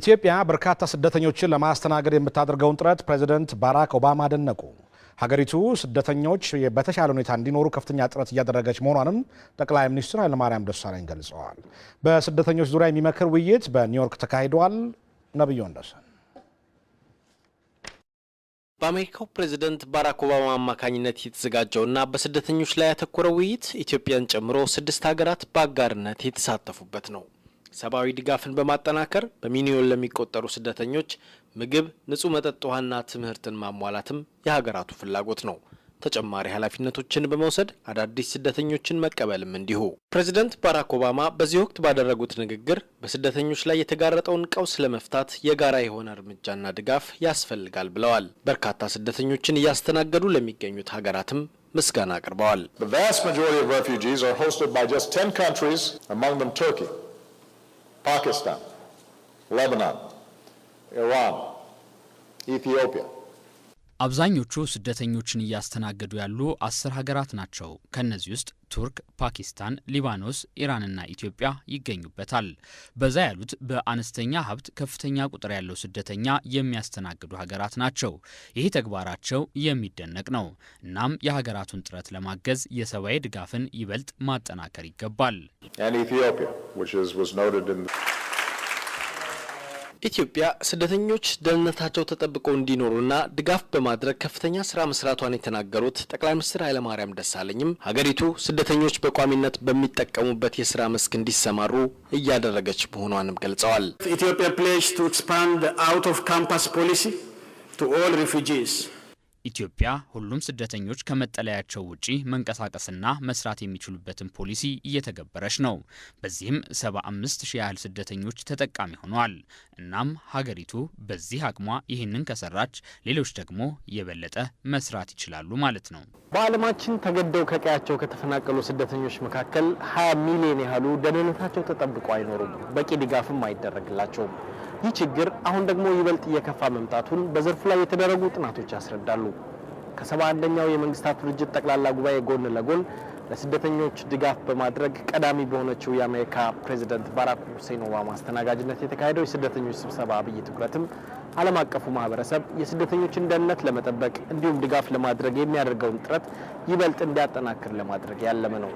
ኢትዮጵያ በርካታ ስደተኞችን ለማስተናገድ የምታደርገውን ጥረት ፕሬዚደንት ባራክ ኦባማ አደነቁ። ሀገሪቱ ስደተኞች በተሻለ ሁኔታ እንዲኖሩ ከፍተኛ ጥረት እያደረገች መሆኗንም ጠቅላይ ሚኒስትር ኃይለማርያም ደሳለኝ ገልጸዋል። በስደተኞች ዙሪያ የሚመክር ውይይት በኒውዮርክ ተካሂደዋል። ነብዩ ወንደሰን በአሜሪካው ፕሬዚደንት ባራክ ኦባማ አማካኝነት የተዘጋጀውና በስደተኞች ላይ ያተኮረው ውይይት ኢትዮጵያን ጨምሮ ስድስት ሀገራት በአጋርነት የተሳተፉበት ነው። ሰብአዊ ድጋፍን በማጠናከር በሚሊዮን ለሚቆጠሩ ስደተኞች ምግብ፣ ንጹህ መጠጥ ውሃና ትምህርትን ማሟላትም የሀገራቱ ፍላጎት ነው። ተጨማሪ ኃላፊነቶችን በመውሰድ አዳዲስ ስደተኞችን መቀበልም እንዲሁ። ፕሬዚደንት ባራክ ኦባማ በዚህ ወቅት ባደረጉት ንግግር በስደተኞች ላይ የተጋረጠውን ቀውስ ለመፍታት የጋራ የሆነ እርምጃና ድጋፍ ያስፈልጋል ብለዋል። በርካታ ስደተኞችን እያስተናገዱ ለሚገኙት ሀገራትም ምስጋና አቅርበዋል። Pakistan, Lebanon, Iran, Ethiopia, አብዛኞቹ ስደተኞችን እያስተናገዱ ያሉ አስር ሀገራት ናቸው። ከእነዚህ ውስጥ ቱርክ፣ ፓኪስታን፣ ሊባኖስ፣ ኢራንና ኢትዮጵያ ይገኙበታል። በዛ ያሉት በአነስተኛ ሀብት ከፍተኛ ቁጥር ያለው ስደተኛ የሚያስተናግዱ ሀገራት ናቸው። ይህ ተግባራቸው የሚደነቅ ነው። እናም የሀገራቱን ጥረት ለማገዝ የሰብአዊ ድጋፍን ይበልጥ ማጠናከር ይገባል። ኢትዮጵያ ስደተኞች ደህንነታቸው ተጠብቆ እንዲኖሩና ድጋፍ በማድረግ ከፍተኛ ስራ መስራቷን የተናገሩት ጠቅላይ ሚኒስትር ኃይለማርያም ደሳለኝም ሀገሪቱ ስደተኞች በቋሚነት በሚጠቀሙበት የስራ መስክ እንዲሰማሩ እያደረገች መሆኗንም ገልጸዋል። ኢትዮጵያ ፕሌጅ ቱ ኤክስፓንድ አውት ኦፍ ካምፓስ ፖሊሲ ቱ ኦል ሪፉጂስ ኢትዮጵያ ሁሉም ስደተኞች ከመጠለያቸው ውጪ መንቀሳቀስና መስራት የሚችሉበትን ፖሊሲ እየተገበረች ነው። በዚህም 75 ሺህ ያህል ስደተኞች ተጠቃሚ ሆነዋል። እናም ሀገሪቱ በዚህ አቅሟ ይህንን ከሰራች ሌሎች ደግሞ የበለጠ መስራት ይችላሉ ማለት ነው። በዓለማችን ተገደው ከቀያቸው ከተፈናቀሉ ስደተኞች መካከል 20 ሚሊዮን ያህሉ ደህንነታቸው ተጠብቆ አይኖሩም፣ በቂ ድጋፍም አይደረግላቸውም። ይህ ችግር አሁን ደግሞ ይበልጥ እየከፋ መምጣቱን በዘርፉ ላይ የተደረጉ ጥናቶች ያስረዳሉ። ከሰባ አንደኛው የመንግስታት ድርጅት ጠቅላላ ጉባኤ ጎን ለጎን ለስደተኞች ድጋፍ በማድረግ ቀዳሚ በሆነችው የአሜሪካ ፕሬዚደንት ባራክ ሁሴን ኦባማ አስተናጋጅነት የተካሄደው የስደተኞች ስብሰባ አብይ ትኩረትም ዓለም አቀፉ ማህበረሰብ የስደተኞችን ደህንነት ለመጠበቅ እንዲሁም ድጋፍ ለማድረግ የሚያደርገውን ጥረት ይበልጥ እንዲያጠናክር ለማድረግ ያለመ ነው።